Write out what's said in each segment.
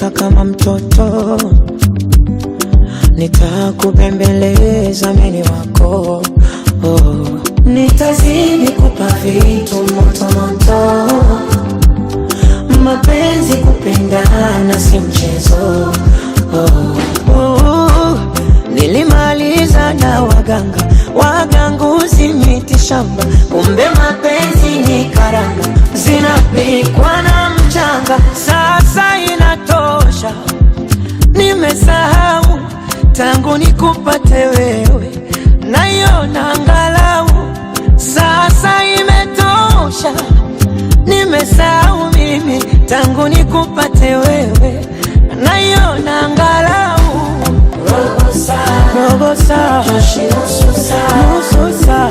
Nitakucheka kama mtoto, nitakubembeleza mini wako oh. Nitazidi kupa vitu moto moto, mapenzi kupendana si mchezo oh. Oh, nilimaliza na waganga waganguzi miti shamba, kumbe mapenzi ni karanga zinapikwa na mchanga sasa nimesahau tangu nikupate wewe, naiona angalau sasa imetosha. Nimesahau mimi tangu nikupate wewe, naiona angalau robo saa, robo saa, nusu saa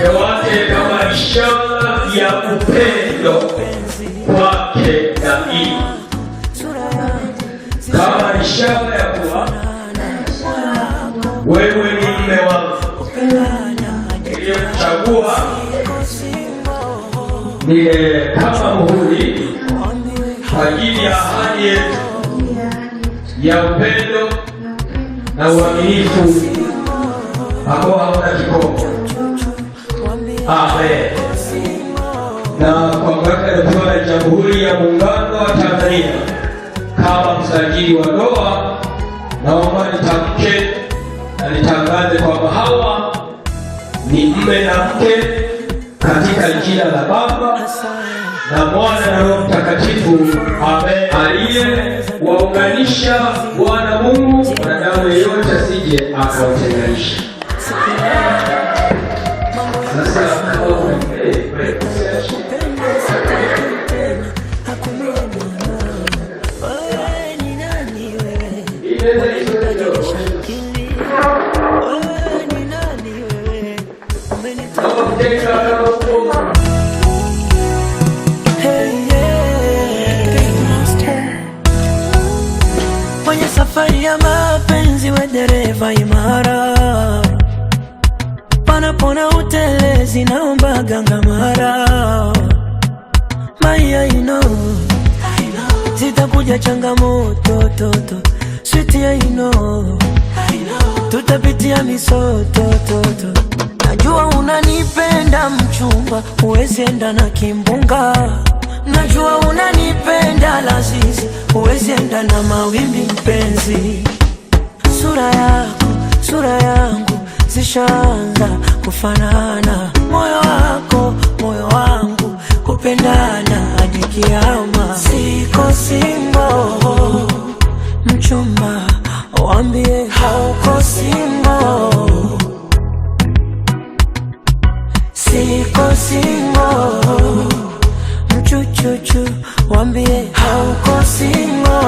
ewake kama ishara ya upendo wake daima, kama ishara ya kuwa wewe ni mume wangu niliyemchagua, nile kama muhuri kwa ajili ya ahadi yetu ya upendo na uaminifu ambao hauna kikomo. Amen. Na kwa baraka ya Mvua ya Jamhuri ya Muungano wa Tanzania, kama msajili wa ndoa, naomba nitamke na nitangaze kwamba hawa ni mme na mke katika jina la Baba na Mwana na Roho Mtakatifu. Amen. Aliye waunganisha Bwana Mungu, mwanadamu yeyote asije akawatenganisha. kwenye safari ya mapenzi, we dereva imara, panapona utelezi, naomba ganga mara. my I know, zitakuja changamoto toto, sweet I know, tutapitia toto Najua unanipenda mchumba, uwezi enda na kimbunga najua unanipenda lazizi, uwezienda enda na mawimbi mpenzi. Sura yako sura yangu zishaanza kufanana, moyo wako moyo wangu kupendana ajikiama kiama. Siko single, mchumba wambie hauko single. Siko single chuchu, wambie hauko singo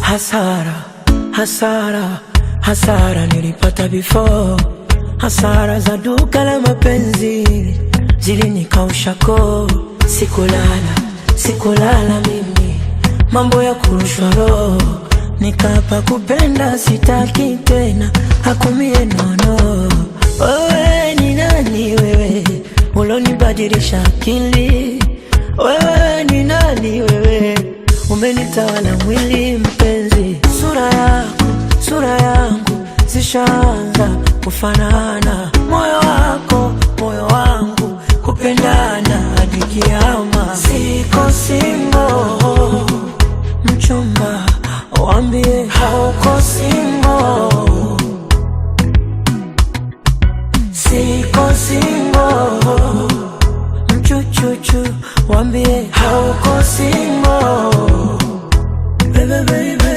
Hasara, hasara, hasara nilipata before. Hasara za duka la mapenzi zilinikaushako sikulala, sikulala mimi mambo ya kurushwa roho, nikapa kupenda sitaki tena, hakumie nono. Wewe ni nani wewe, ulonibadilisha akili? Wewe ni nani wewe, umenitawala mwili, mpenzi, sura yako, sura yangu zishaanza kufanana, moyo wako, moyo wangu, kupendana hadi siko singo chumba, wambie hauko singo, siko singo. Mchuchuchu wambie hauko singo, baby baby